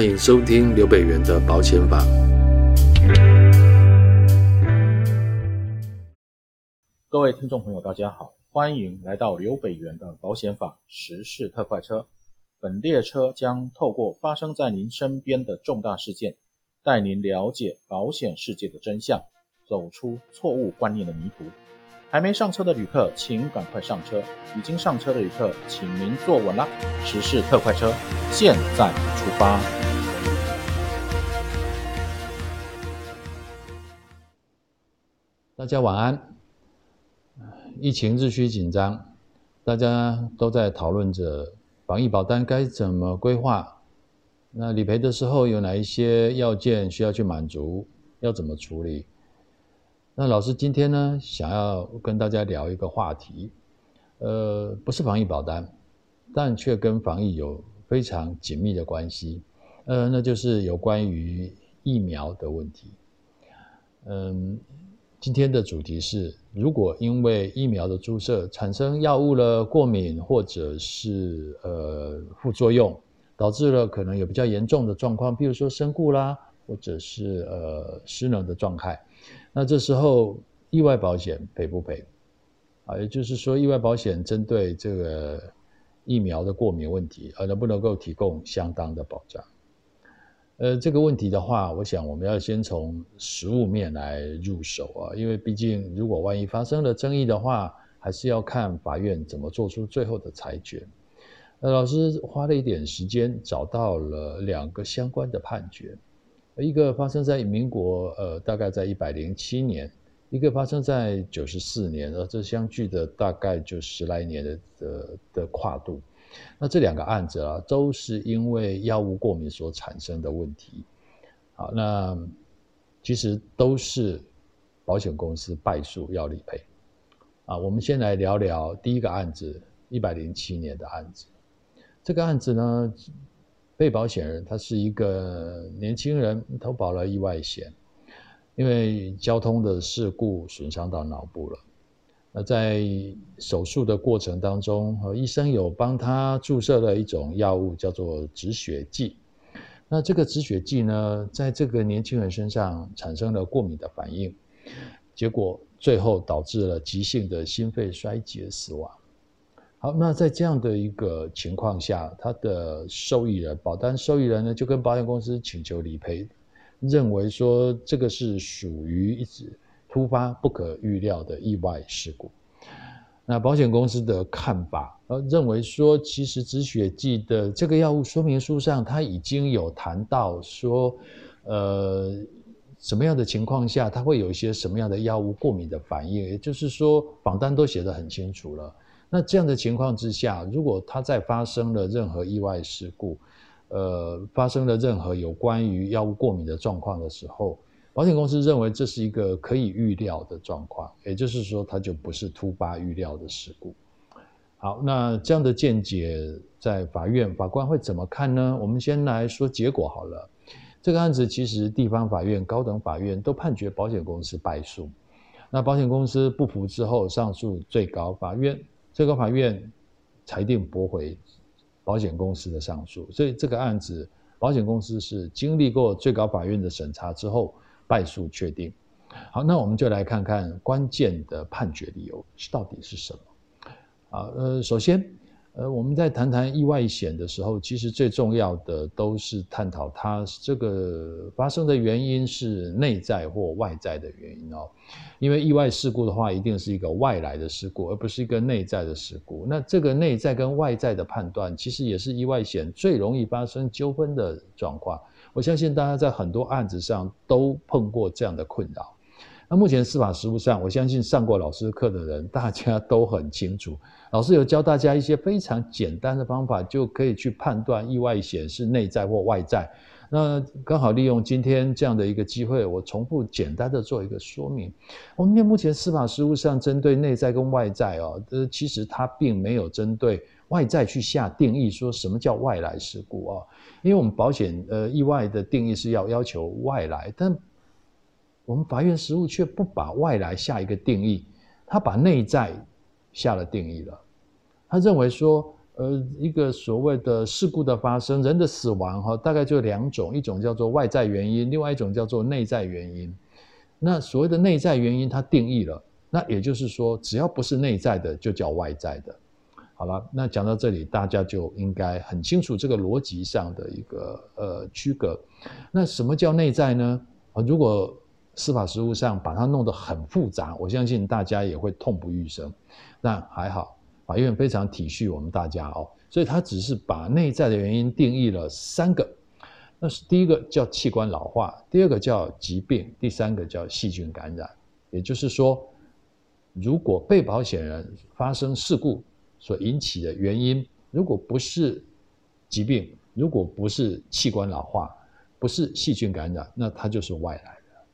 歡迎收聽劉北元的保險法。各位聽眾朋友，大家好，歡迎來到劉北元的保險法時事特快車。本列車將透過發生在您身邊的重大事件，帶您了解保險世界的真相，走出錯誤觀念的迷途。還沒上車的旅客，請趕快上車；已經上車的旅客，請您坐穩了。時事特快車，現在出發。大家晚安。疫情日趨緊張，大家都在討論着防疫保單該怎麼規劃。那理賠的時候有哪一些要件需要去滿足？要怎麼處理？那老師今天呢，想要跟大家聊一個話題，呃，不是防疫保單，但卻跟防疫有非常緊密的關係，呃，那就是有關於疫苗的問題，嗯、呃。今天的主題是，如果因為疫苗的注射產生藥物了過敏，或者是呃副作用，導致了可能有比較嚴重的狀況，譬如說身故啦，或者是呃失能的狀態，那這時候意外保險賠不賠？啊，也就是說，意外保險針對這個疫苗的過敏問題，而能不能夠提供相當的保障？呃，這個問題的話，我想我們要先從實務面來入手啊，因為畢竟如果萬一發生了爭議的話，還是要看法院怎麼做出最後的裁決。那、呃、老師花了一點時間找到了兩個相關的判決，一個發生在民國呃，大概在一百零七年，一個發生在九十四年，而這相距的大概就十來年的的的跨度。那這兩個案子啊，都是因為藥物過敏所產生的問題。好，那其實都是保險公司敗訴要理賠。啊，我們先來聊聊第一個案子，一百零七年的案子。這個案子呢，被保險人他是一個年輕人，投保了意外險，因為交通的事故損傷到腦部了。在手術的過程當中，和醫生有幫他注射了一種藥物，叫做止血劑。那這個止血劑呢，在這個年輕人身上產生了過敏的反應，結果最後導致了急性的心肺衰竭死亡。好，那在這樣的一個情況下，他的受益人，保單受益人呢，就跟保險公司請求理賠，認為說，這個是屬於一直突發不可預料的意外事故，那保險公司的看法呃，認為說，其實止血劑的這個藥物說明書上，它已經有談到說，呃，什麼樣的情況下，它會有一些什麼樣的藥物過敏的反應，也就是說，保單都寫得很清楚了。那這樣的情況之下，如果它再發生了任何意外事故，呃，發生了任何有關於藥物過敏的狀況的時候，保險公司認為這是一個可以預料的狀況，也就是說，它就不是突發預料的事故。好，那這樣的見解在法院，法官會怎麼看呢？我們先來說結果好了。這個案子其實地方法院、高等法院都判決保險公司敗訴。那保險公司不服之後上訴最高法院，最高法院裁定駁回保險公司的上訴。所以這個案子，保險公司是經歷過最高法院的審查之後。敗訴確定。好，那我們就來看看關鍵的判決理由是到底是什麼啊？呃，首先，呃，我們在談談意外險的時候，其實最重要的都是探討它這個發生的原因是內在或外在的原因哦。因為意外事故的話，一定是一個外來的事故，而不是一個內在的事故。那這個內在跟外在的判斷，其實也是意外險最容易發生糾紛的狀況。我相信大家在很多案子上都碰過這樣的困擾。那目前司法實務上，我相信上過老師課的人，大家都很清楚，老師有教大家一些非常簡單的方法，就可以去判斷意外險是內在或外在。那剛好利用今天這樣的一個機會，我重複簡單的做一個說明。我們現目前司法實務上針對內在跟外在哦，呃，其實它並沒有針對。外在去下定義，說什麼叫外來事故啊？因為我們保險呃意外的定義是要要求外來，但我們法院實務卻不把外來下一個定義，他把內在下了定義了。他認為說，呃，一個所謂的事故的發生，人的死亡哈，大概就兩種，一種叫做外在原因，另外一種叫做內在原因。那所謂的內在原因，他定義了，那也就是說，只要不是內在的，就叫外在的。好了，那講到這裡，大家就應該很清楚這個邏輯上的一個呃區隔。那什麼叫內在呢？啊，如果司法實務上把它弄得很複雜，我相信大家也會痛不欲生。那還好，法院非常體恤我們大家哦，所以他只是把內在的原因定義了三個。那是第一個叫器官老化，第二個叫疾病，第三個叫細菌感染。也就是說，如果被保險人發生事故，所引起的原因，如果不是疾病，如果不是器官老化，不是細菌感染，那它就是外來的。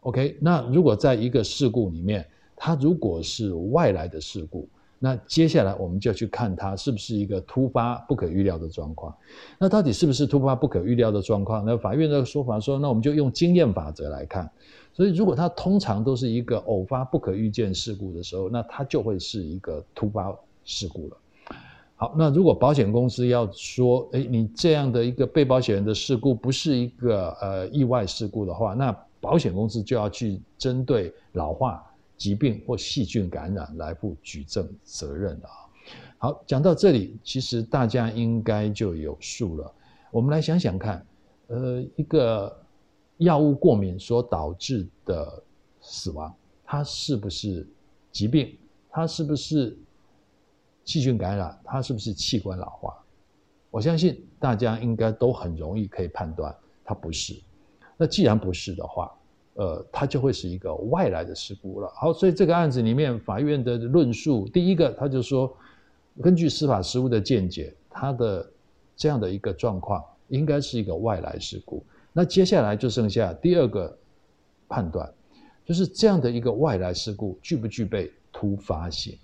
OK，那如果在一個事故裡面，它如果是外來的事故，那接下來我們就要去看它是不是一個突發不可預料的狀況。那到底是不是突發不可預料的狀況？那法院的說法說，那我們就用經驗法則來看。所以，如果它通常都是一個偶發不可預見事故的時候，那它就會是一個突發。事故了。好，那如果保險公司要說，哎、欸，你這樣的一個被保險人的事故不是一個呃意外事故的話，那保險公司就要去針對老化、疾病或細菌感染來負舉證責任了。啊。好，講到這裡，其實大家應該就有數了。我們來想想看，呃，一個藥物過敏所導致的死亡，它是不是疾病？它是不是？細菌感染，它是不是器官老化？我相信大家應該都很容易可以判斷，它不是。那既然不是的話，呃，它就會是一個外來的事故了。好，所以這個案子裡面，法院的論述，第一個，他就說，根據司法實務的見解，他的這樣的一個狀況，應該是一個外來事故。那接下來就剩下第二個判斷，就是這樣的一個外來事故具不具備突發性。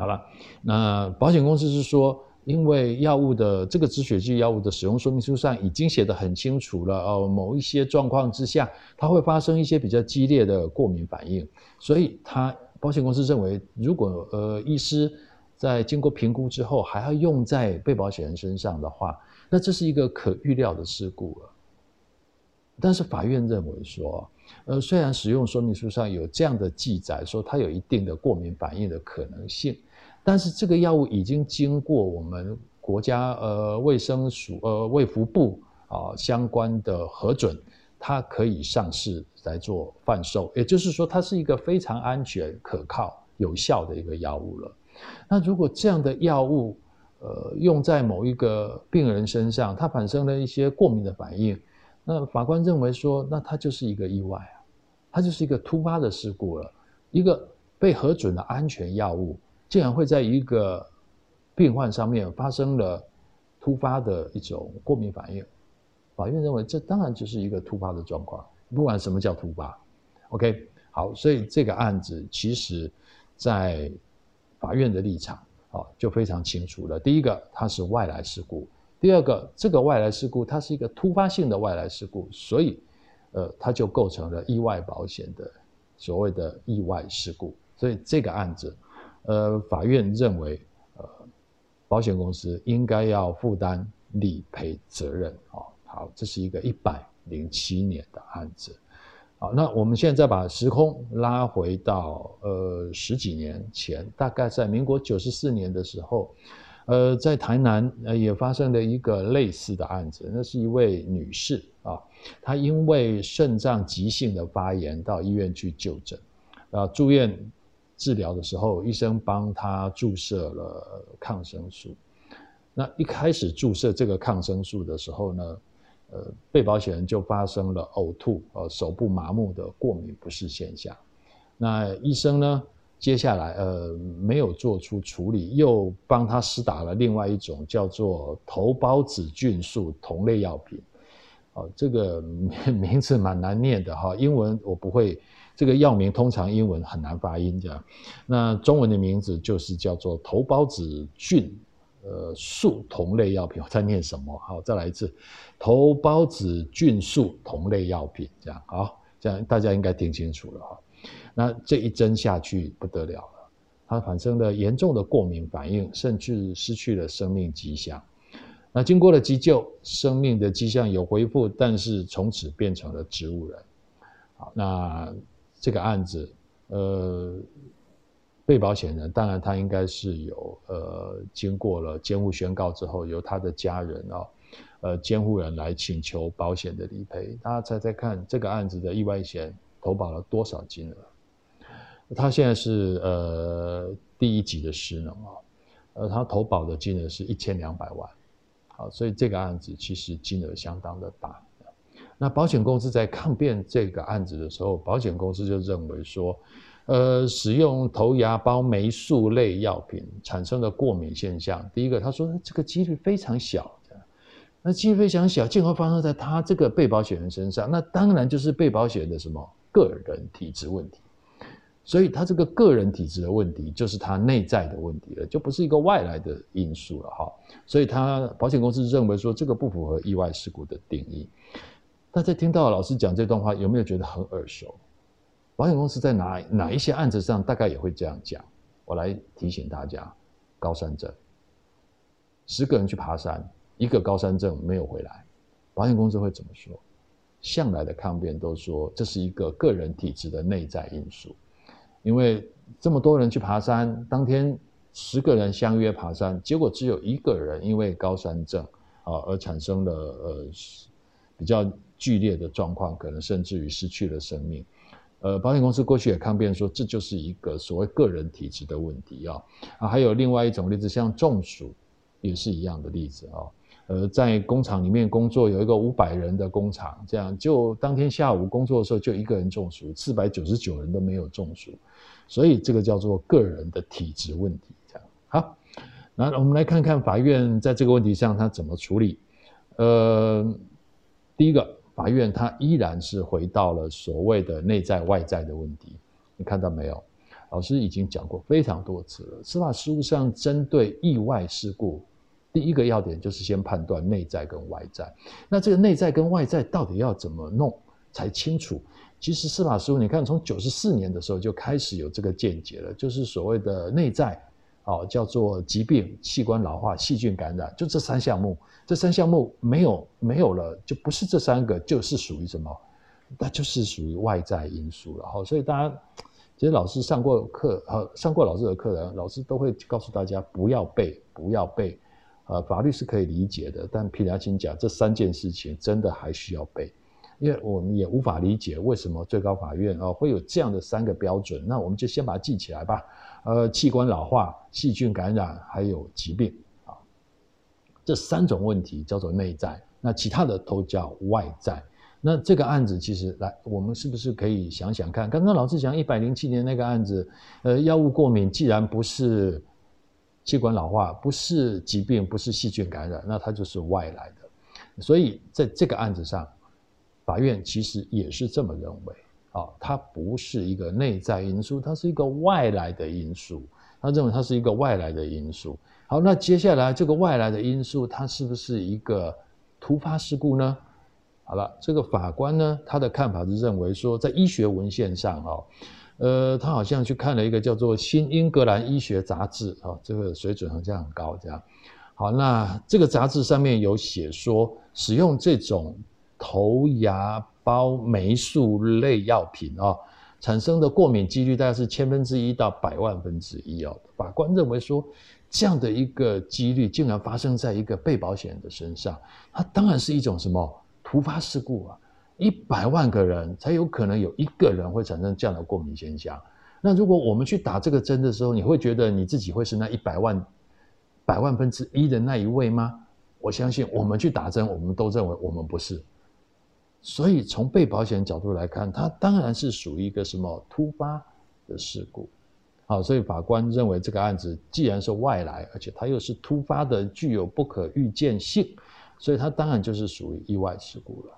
好了，那保險公司是說，因為藥物的這個止血劑藥物的使用說明書上已經寫得很清楚了，哦、呃，某一些狀況之下，它會發生一些比較激烈的過敏反應，所以它保險公司認為，如果呃醫師在經過評估之後還要用在被保險人身上的話，那這是一個可預料的事故了。但是法院認為說，呃，雖然使用說明書上有這樣的記載，說它有一定的過敏反應的可能性。但是這個藥物已經經過我們國家呃衛生署呃衛福部啊、呃、相關的核准，它可以上市來做販售，也就是說它是一個非常安全、可靠、有效的一個藥物了。那如果這樣的藥物呃用在某一個病人身上，它產生了一些過敏的反應，那法官認為說，那它就是一個意外啊，它就是一個突發的事故了，一個被核准的安全藥物。竟然會在一個病患上面發生了突發的一種過敏反應，法院認為這當然就是一個突發的狀況，不管什麼叫突發，OK，好，所以這個案子其實，在法院的立場啊就非常清楚了。第一個，它是外來事故；第二個，這個外來事故它是一個突發性的外來事故，所以呃，它就構成了意外保險的所謂的意外事故，所以這個案子。呃，法院認為，呃，保險公司應該要負擔理賠責任啊、哦。好，這是一個一百零七年的案子。好，那我們現在把時空拉回到呃十幾年前，大概在民國九十四年的時候，呃，在台南也發生了一個類似的案子。那是一位女士啊、哦，她因為腎臟急性的發炎到醫院去就診，啊、呃，住院。治療的時候，醫生幫他注射了抗生素。那一開始注射這個抗生素的時候呢，呃，被保險人就發生了嘔吐、呃，手部麻木的過敏不適現象。那醫生呢，接下來呃，沒有做出處理，又幫他施打了另外一種叫做頭孢子菌素同類藥品。哦、呃，這個名字蠻難念的哈，英文我不會。這個藥名通常英文很難發音，這樣，那中文的名字就是叫做頭孢子菌，呃，素同類藥品，我在念什麼？好，再來一次，頭孢子菌素同類藥品，這樣好，這樣大家應該聽清楚了哈。那這一針下去不得了了，它產生了嚴重的過敏反應，甚至失去了生命跡象。那經過了急救，生命的跡象有恢復，但是從此變成了植物人。好，那。這個案子，呃，被保險人當然他應該是有呃，經過了監護宣告之後，由他的家人啊，呃，監護人來請求保險的理賠。大家猜猜看，這個案子的意外險投保了多少金額？他現在是呃第一級的失能啊，呃，他投保的金額是一千兩百萬，好，所以這個案子其實金額相當的大。那保險公司在抗辯這個案子的時候，保險公司就認為說，呃，使用頭牙孢霉素類藥品產生的過敏現象，第一個，他說這個幾率非常小，那幾率非常小，竟會發生在他這個被保險人身上，那當然就是被保險人的什麼個人體質問題，所以他這個個人體質的問題就是他內在的問題了，就不是一個外來的因素了哈，所以他保險公司認為說這個不符合意外事故的定義。大家聽到老師講這段話，有沒有覺得很耳熟？保險公司在哪哪一些案子上大概也會這樣講。我來提醒大家，高山症，十個人去爬山，一個高山症沒有回來，保險公司會怎麼說？向來的抗辯都說這是一個個人體質的內在因素，因為這麼多人去爬山，當天十個人相約爬山，結果只有一個人因為高山症啊而產生了呃比較。劇烈的狀況，可能甚至於失去了生命。呃，保險公司過去也抗辯說，這就是一個所謂個人體質的問題啊、哦。啊，還有另外一種例子，像中暑也是一樣的例子啊、哦。呃，在工廠裡面工作，有一個五百人的工廠，這樣就當天下午工作的時候，就一個人中暑，四百九十九人都沒有中暑，所以這個叫做個人的體質問題。這樣。好，那我們來看看法院在這個問題上他怎麼處理。呃，第一個。法院它依然是回到了所謂的內在外在的問題，你看到沒有？老師已經講過非常多次了。司法實務上針對意外事故，第一個要點就是先判斷內在跟外在。那這個內在跟外在到底要怎麼弄才清楚？其實司法實務你看，從九十四年的時候就開始有這個見解了，就是所謂的內在。好，叫做疾病、器官老化、細菌感染，就這三項目。這三項目沒有沒有了，就不是這三個，就是屬於什麼？那就是屬於外在因素了。好，所以大家其實老師上過課，呃，上過老師的課的，老師都會告訴大家不要背，不要背。呃，法律是可以理解的，但憑良心講這三件事情真的還需要背。因為我們也無法理解為什麼最高法院啊會有這樣的三個標準，那我們就先把它記起來吧。呃，器官老化、細菌感染還有疾病啊，這三種問題叫做內在，那其他的都叫外在。那這個案子其實，來，我們是不是可以想想看？剛剛老師講一百零七年那個案子，呃，藥物過敏既然不是器官老化，不是疾病，不是細菌感染，那它就是外來的。所以在這個案子上。法院其實也是這麼認為啊，它不是一個內在因素，它是一個外來的因素。他認為它是一個外來的因素。好，那接下來這個外來的因素，它是不是一個突發事故呢？好了，這個法官呢，他的看法是認為說，在醫學文獻上哈，呃，他好像去看了一個叫做《新英格蘭醫學雜誌》啊，這個水準好像很高這樣。好，那這個雜誌上面有寫說，使用這種。頭牙孢霉素類藥品啊、哦，產生的過敏幾率大概是千分之一到百萬分之一哦。法官認為說，這樣的一個幾率竟然發生在一個被保險人的身上，它當然是一種什麼突發事故啊？一百萬個人才有可能有一個人會產生這樣的過敏現象。那如果我們去打這個針的時候，你會覺得你自己會是那一百萬百萬分之一的那一位嗎？我相信我們去打針，我們都認為我們不是。所以從被保險角度來看，它當然是屬於一個什麼突發的事故，好，所以法官認為這個案子既然是外來，而且它又是突發的，具有不可預見性，所以它當然就是屬於意外事故了。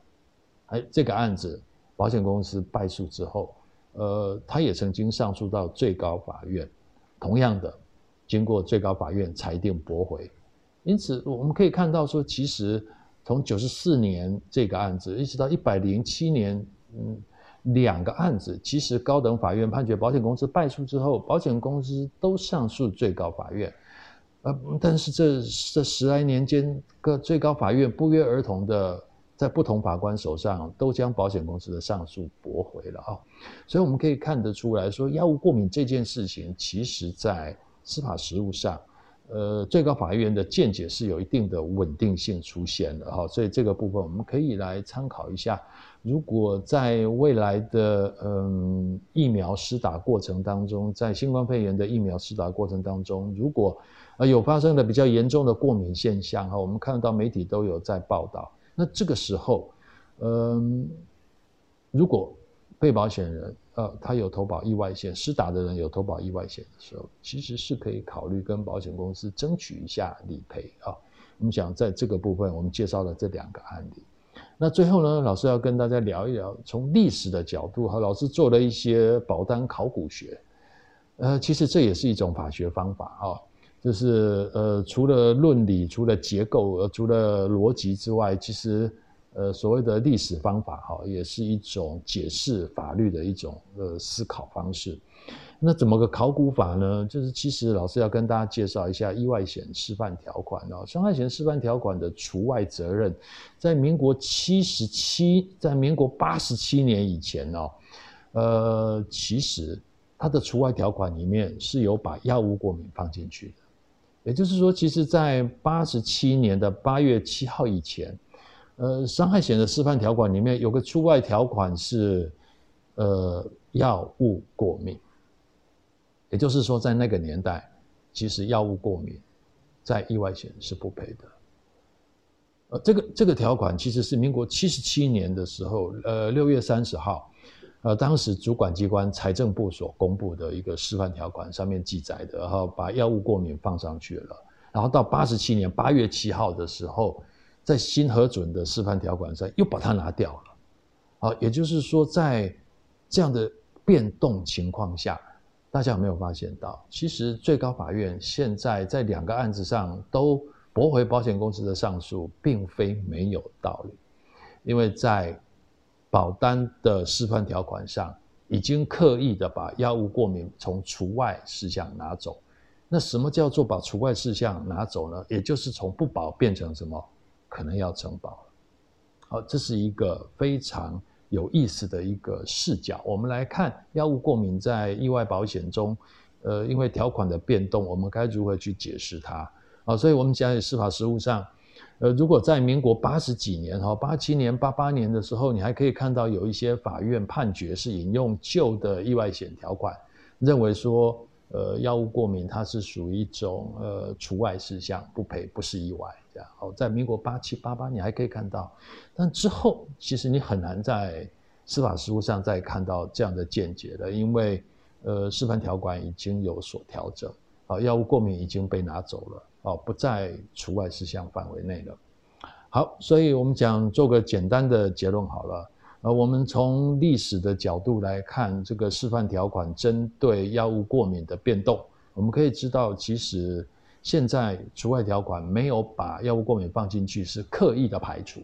哎，這個案子保險公司敗訴之後，呃，他也曾經上訴到最高法院，同樣的，經過最高法院裁定駁回，因此我們可以看到說，其實。從九十四年這個案子一直到一百零七年，嗯，兩個案子，其實高等法院判決保險公司敗訴之後，保險公司都上訴最高法院，呃，但是這這十來年間，各最高法院不約而同的在不同法官手上都將保險公司的上訴駁回了啊，哦，所以我們可以看得出來說，藥物過敏這件事情，其實在司法實務上。呃，最高法院的見解是有一定的穩定性出現的哈，所以這個部分我們可以來參考一下。如果在未來的嗯疫苗施打過程當中，在新冠肺炎的疫苗施打過程當中，如果呃有發生了比較嚴重的過敏現象哈，我們看到媒體都有在報道，那這個時候嗯，如果被保險人。呃、哦，他有投保意外險，施打的人有投保意外險的時候，其實是可以考慮跟保險公司爭取一下理賠啊。我們講在這個部分，我們介紹了這兩個案例。那最後呢，老師要跟大家聊一聊，從歷史的角度，哈，老師做了一些保單考古學。呃，其實這也是一種法學方法啊、哦，就是呃，除了論理、除了結構、呃、除了邏輯之外，其實。呃，所謂的歷史方法哈，也是一種解釋法律的一種呃思考方式。那怎麼個考古法呢？就是其實老師要跟大家介紹一下意外險示範條款哦，傷害險示範條款的除外責任，在民國七十七，在民國八十七年以前哦，呃，其實它的除外條款裡面是有把藥物過敏放進去的，也就是說，其實在八十七年的八月七號以前。呃，傷害險的示範條款裡面有個除外條款是，呃，藥物過敏。也就是說，在那個年代，其實藥物過敏在意外險是不賠的。呃，這個這個條款其實是民國七十七年的時候，呃，六月三十號，呃，當時主管機關財政部所公布的一個示範條款上面記載的，然後把藥物過敏放上去了。然後到八十七年八月七號的時候。在新核准的示範條款上又把它拿掉了，啊，也就是說，在這樣的變動情況下，大家有沒有發現到，其實最高法院現在在兩個案子上都駁回保險公司的上訴，並非沒有道理，因為在保單的示範條款上已經刻意的把藥物過敏從除外事項拿走，那什麼叫做把除外事項拿走呢？也就是從不保變成什麼？可能要承保了，好，這是一個非常有意思的一個視角。我們來看藥物過敏在意外保險中，呃，因為條款的變動，我們該如何去解釋它？啊，所以，我們講解司法實務上，呃，如果在民國八十幾年，哈，八七年、八八年的時候，你還可以看到有一些法院判決是引用舊的意外險條款，認為說，呃，藥物過敏它是屬於一種呃除外事項，不賠，不是意外。好，在民國八七八八，你還可以看到，但之後其實你很難在司法實務上再看到這樣的見解了，因為呃，示範條款已經有所調整，啊，藥物過敏已經被拿走了，啊，不在除外事項範圍內了。好，所以我們講做個簡單的結論好了。呃，我們從歷史的角度來看這個示範條款針對藥物過敏的變動，我們可以知道其實。現在除外條款沒有把藥物過敏放進去，是刻意的排除。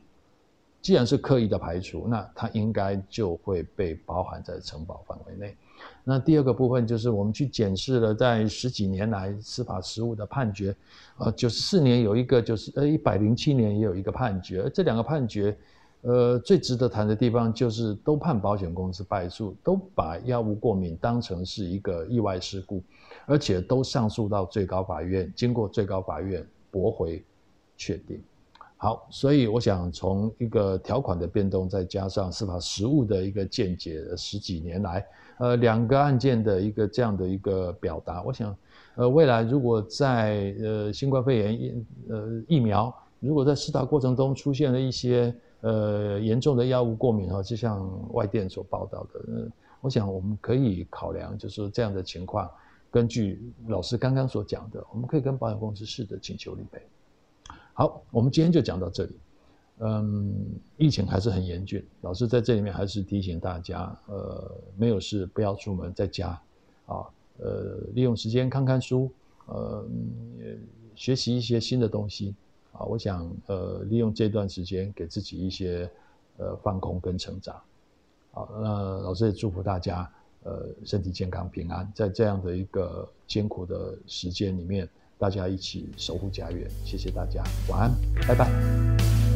既然是刻意的排除，那它應該就會被包含在承保範圍內。那第二個部分就是我們去檢視了在十幾年來司法實務的判決，呃，九十四年有一個，就是呃一百零七年也有一個判決，這兩個判決，呃，最值得談的地方就是都判保險公司敗訴，都把藥物過敏當成是一個意外事故，而且都上訴到最高法院，經過最高法院駁回，確定。好，所以我想從一個條款的變動，再加上司法實務的一個見解，十幾年來，呃，兩個案件的一個這樣的一個表達，我想，呃，未來如果在呃新冠肺炎疫呃疫苗，如果在施打過程中出現了一些。呃，嚴重的藥物過敏哈、哦，就像外電所報道的、呃，我想我們可以考量，就是說這樣的情況，根據老師剛剛所講的，我們可以跟保險公司試着請求理賠。好，我們今天就講到這裡。嗯，疫情還是很嚴峻，老師在這裡面還是提醒大家，呃，沒有事不要出門，在家，啊，呃，利用時間看看書，呃，嗯、學習一些新的東西。啊，我想呃利用這段時間給自己一些呃放空跟成長。好，那老師也祝福大家呃身體健康平安，在這樣的一個艱苦的時間裡面，大家一起守護家園。謝謝大家，晚安，拜拜。